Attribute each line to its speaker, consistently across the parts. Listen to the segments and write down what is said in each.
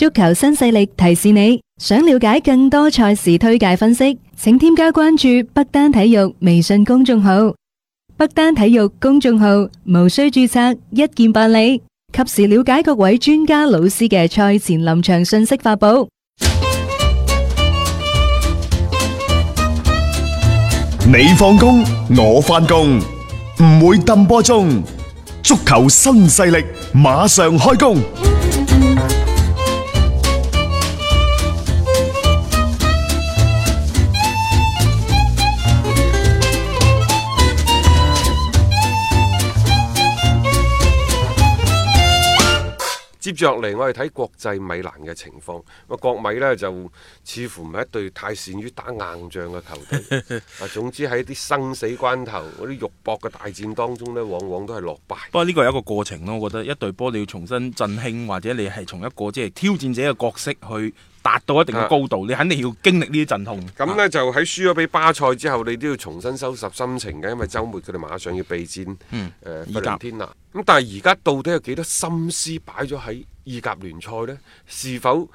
Speaker 1: 足球新勢力提示你，想了解更多賽事推介分析，請添加關注北單體育微信公眾號。北單體育公眾號無需注冊，一鍵辦理，及時了解各位專家老師嘅賽前臨場信息發布。
Speaker 2: 你放工，我翻工，唔會抌波中。足球新勢力馬上開工。
Speaker 3: 接落嚟我哋睇國際米蘭嘅情況，咁啊，國米呢就似乎唔係一隊太善於打硬仗嘅球隊。啊， 總之喺啲生死關頭嗰啲肉搏嘅大戰當中呢，往往都係落敗。
Speaker 2: 不過呢個係一個過程咯，我覺得一隊波你要重新振興，或者你係從一個即係挑戰者嘅角色去。達到一定嘅高度，啊、你肯定要經歷呢啲陣痛。
Speaker 3: 咁呢、啊，啊、就喺輸咗俾巴塞之後，你都要重新收拾心情嘅，因為周末佢哋馬上要備戰。嗯，誒、呃，意甲天啦。咁但係而家到底有幾多心思擺咗喺意甲聯賽呢？是否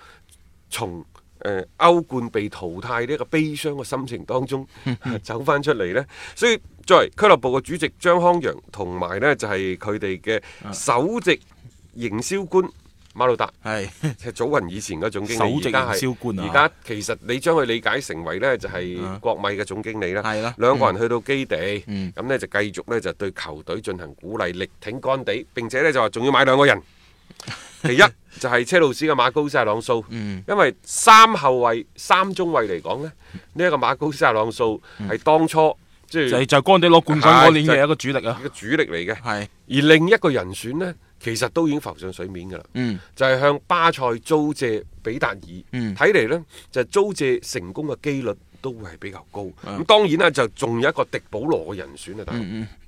Speaker 3: 從誒歐冠被淘汰呢一個悲傷嘅心情當中、啊、 走翻出嚟呢？所以作為俱樂部嘅主席張康陽，同埋呢就係佢哋嘅首席營銷官。 馬魯達係，係祖雲以前嘅總經理，而家係，而家其實你將佢理解成為咧，就係國米嘅總經理啦。係咯，兩個人去到基地，咁咧就繼續咧就對球隊進行鼓勵，力挺干地，並且咧就話仲要買兩個人。其一就係車路士嘅馬高斯阿朗素，因為三後衞、三中衞嚟講咧，呢一個馬高斯阿朗素係當初即係就干地攞冠軍嗰年嘅一個主力啦，一個主力嚟嘅。係，而另一個人選咧。其實都已經浮上水面嘅啦，嗯、就係向巴塞租借比達爾，睇嚟、嗯、呢，就租借成功嘅幾率都會係比較高。咁、嗯、當然啦，就仲有一個迪保羅嘅人選啊，大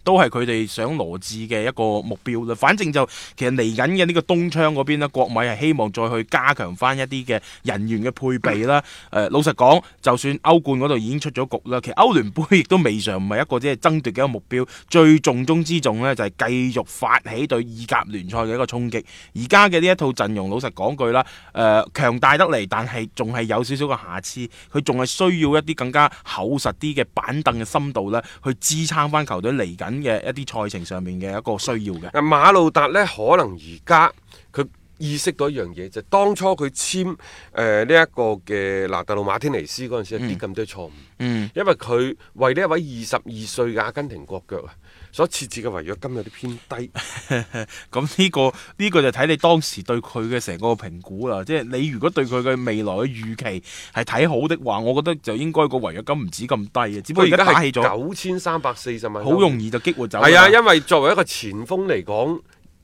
Speaker 2: 都係佢哋想攞至嘅一個目標啦。反正就其實嚟緊嘅呢個冬窗嗰邊啦，國米係希望再去加強翻一啲嘅人員嘅配備啦。誒、 呃、老實講就算歐冠嗰度已經出咗局啦，其實歐聯杯亦都未嘗唔係一個即係爭奪嘅一個目標，最重中之重咧就係、是、繼續發起對意甲聯賽嘅一個衝擊。而家嘅呢一套陣容，老實講句啦，誒、呃、強大得嚟，但係仲係有少少嘅瑕疵。佢仲係需要一啲更加厚實啲嘅板凳嘅深度啦，去支撐翻球隊嚟緊。嘅一啲賽程上面嘅一個需
Speaker 3: 要嘅，啊馬路達呢，可能而家佢意識到一樣嘢，就當初佢簽誒呢一個嘅嗱，拿特路馬天尼斯嗰陣時，啲咁多錯誤。嗯，嗯，因為佢為呢一位二十二歲嘅阿根廷國腳啊，所設置嘅違約金有啲偏低，咁呢、 呢個呢、呢個就睇你當時對佢嘅成個評估啦。即係
Speaker 2: 你如果對佢嘅未來嘅預期係睇好的話，我覺得就應該個違約金唔止咁
Speaker 3: 低嘅。只不過而家係九千三百四十萬，好容易就激活走。係啊，因為作為一個前鋒嚟講。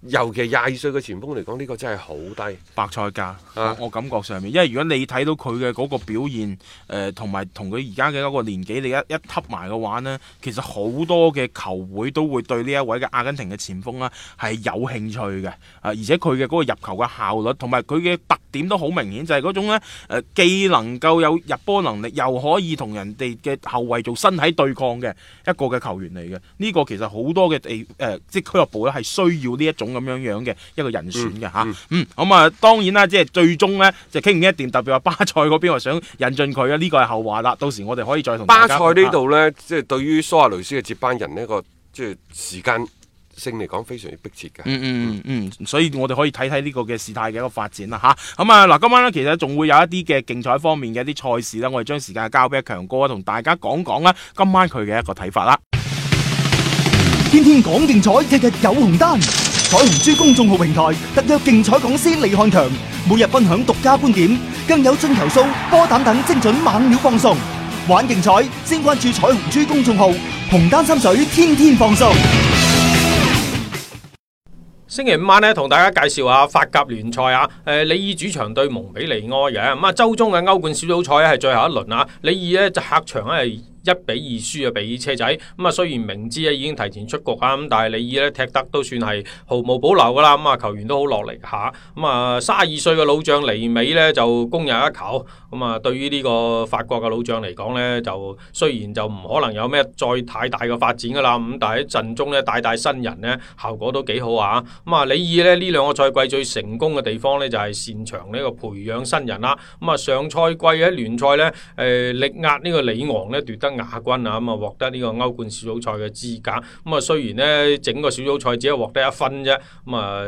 Speaker 3: 尤其係廿二歲嘅前鋒嚟講，呢、這個真係好低白菜價。我，
Speaker 2: 我感覺上面，因為如果你睇到佢嘅嗰個表現，誒同埋同佢而家嘅嗰個年紀，你一一級埋嘅話呢，其實好多嘅球會都會對呢一位嘅阿根廷嘅前鋒啦係有興趣嘅。啊，而且佢嘅嗰個入球嘅效率同埋佢嘅特點都好明顯，就係、是、嗰種咧，誒，既能夠有入波能力，又可以同人哋嘅後衛做身體對抗嘅一個嘅球員嚟嘅。呢、這個其實好多嘅地，誒、呃，即係俱樂部咧係需要呢一種咁樣樣嘅一個人選嘅吓、嗯。嗯，咁啊、嗯，當然啦，即係最終咧就傾唔傾得掂，特別話巴塞嗰邊我想引進佢啊，呢、這個係後話啦。到時我哋可以再同巴塞呢度
Speaker 3: 咧，即、就、係、是、對於蘇亞雷斯嘅接班人呢、這個即係、就是、時間。性嚟講非常之迫切㗎，嗯
Speaker 2: 嗯嗯嗯，所以我哋可以睇睇呢個嘅事態嘅一個發展啦，吓咁啊嗱，今晚呢其實仲會有一啲嘅競彩方面嘅一啲賽事啦，我哋將時間交俾阿強哥啊，同大家講講啦，今晚佢嘅一個睇法。啦。天天講競彩，日日有紅單，彩虹珠公眾號平台特約競彩講師李漢強每日分享獨家觀點，更有進球數、波膽等精準猛料放送。玩競彩先關注彩虹珠公眾號，紅單心水，天天放送。
Speaker 1: 星期五晚呢，同大家介紹下法甲聯賽啊，誒、呃，里爾主場對蒙彼利埃嘅、啊，周中嘅歐冠小組賽係最後一輪啊，里爾呢，就客場係。一比二輸啊，俾車仔咁啊！雖然明知咧已經提前出局啊，咁但係李爾咧踢得都算係毫無保留噶啦，咁啊球員都好落力下，咁啊三十二歲嘅老將雷米咧就攻入一球，咁啊對於呢個法國嘅老將嚟講咧，就雖然就唔可能有咩再太大嘅發展噶啦，咁但係喺陣中咧帶帶新人咧效果都幾好啊，咁啊李爾咧呢兩個賽季最成功嘅地方咧就係、是、擅長呢個培養新人啦，咁啊上賽季喺聯賽咧誒、呃、力壓呢個里昂咧奪得。亞軍啊，咁啊獲得呢個歐冠小組賽嘅資格，咁啊雖然咧整個小組賽只係獲得一分啫，咁啊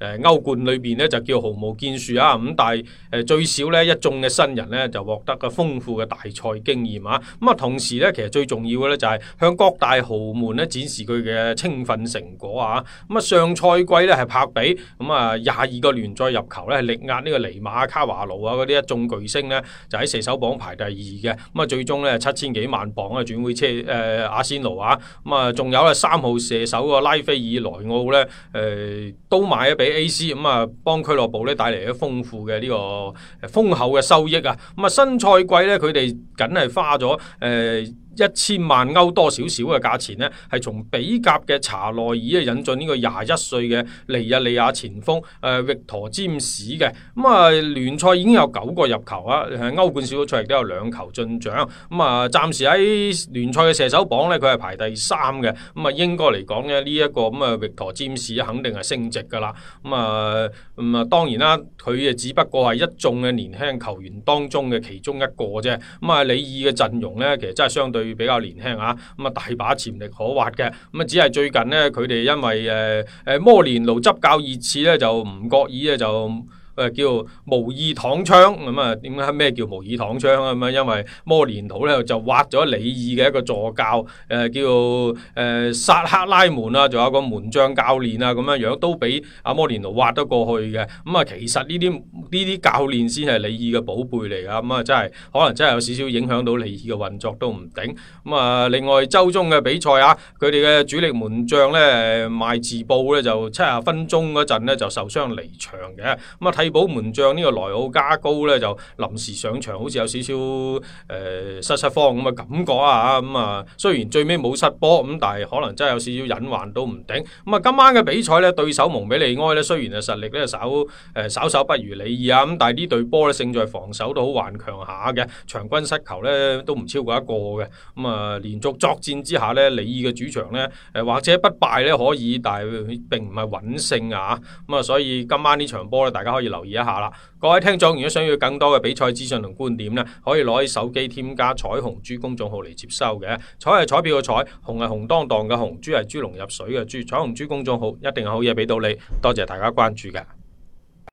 Speaker 1: 誒歐冠裏邊咧就叫毫無建樹啊，咁但係誒最少呢，一眾嘅新人呢就獲得個豐富嘅大賽經驗啊，咁啊同時呢，其實最重要嘅呢就係向各大豪門咧展示佢嘅青訓成果啊，咁啊上賽季呢係柏比，咁啊廿二個聯賽入球咧係力壓呢個尼馬、卡華奴啊嗰啲一眾巨星呢就喺射手榜排第二嘅，咁啊最終呢，七千幾萬。榜啊，轉會車誒、呃，阿仙奴啊，咁啊，仲有咧三號射手個拉斐爾萊奧咧，誒、呃，都買咗俾 A C，咁、嗯、啊，幫俱樂部咧帶嚟咗豐富嘅呢個豐厚嘅收益啊，咁啊，新賽季咧，佢哋梗係花咗誒。呃一千萬歐多少少嘅價錢呢，係從比甲嘅查內爾啊引進呢個廿一歲嘅尼日利亞前鋒誒域陀詹士嘅。咁、呃、啊、嗯、聯賽已經有九個入球啊，誒歐冠小組賽亦都有兩球進帳。咁、嗯、啊暫時喺聯賽嘅射手榜呢，佢係排第三嘅。咁啊應該嚟講呢，呢一個咁啊域陀詹士肯定係升值㗎啦。咁啊咁啊當然啦，佢啊只不過係一眾嘅年輕球員當中嘅其中一個啫。咁、嗯、啊里爾嘅陣容呢，其實真係相對。會比較年輕吓，咁啊大把潛力可挖嘅，咁啊只係最近咧，佢哋因為誒誒、啊啊，摩連奴執教熱刺咧，就唔覺意咧就。誒，叫無意躺槍咁啊？點解咩叫無意躺槍啊？咁啊，因為摩連奴咧就挖咗李爾嘅一個助教，誒叫誒薩克拉門啊，仲有個門將教練啊，咁樣樣都俾阿摩連奴挖得過去嘅。咁啊，其實呢啲呢啲教練先係李爾嘅寶貝嚟㗎！咁啊，真係可能真係有少少影響到李爾嘅運作都唔定。咁啊，另外週中嘅比賽啊，佢哋嘅主力門將咧賣字報咧就七十分鐘嗰陣咧就受傷離場嘅。咁啊睇。替補門將呢個萊奧加高呢，就臨時上場好，好似有少少誒失失慌咁嘅感覺啊咁啊、嗯。雖然最尾冇失波咁，但係可能真係有少少隱患都唔定。咁、嗯、啊，今晚嘅比賽呢，對手蒙比利埃呢，雖然啊實力呢稍誒稍稍不如里爾啊，咁但係呢隊波呢勝在防守都好頑強下嘅，場均失球呢都唔超過一個嘅。咁、嗯、啊，連續作戰之下呢，里爾嘅主場呢，誒、呃、或者不敗呢，可以，但係並唔係穩勝啊。咁、嗯、啊，所以今晚呢場波呢，大家可以。留意一下啦，各位聽眾，如果想要更多嘅比賽資訊同觀點咧，可以攞起手機添加彩虹豬公眾號嚟接收嘅。彩係彩票嘅彩，紅係紅當當嘅紅，豬係豬籠入水嘅豬，彩虹豬公眾號一定係好嘢俾到你，多謝大家關注嘅。